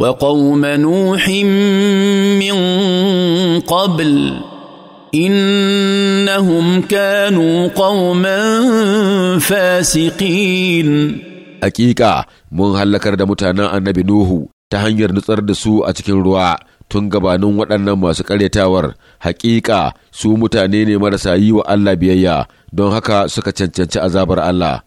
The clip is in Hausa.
وقوم نوح من قبل انهم كانوا قوما فاسقين حقيقه mun hallakar da mutanen annabi nuhu ta hanyar nutsar da su a cikin ruwa tun gabanin waɗannan masu ƙaryatawar haƙiƙa su mutane ne marasa yi wa Allah biyayya don haka suka cancanci azabar Allah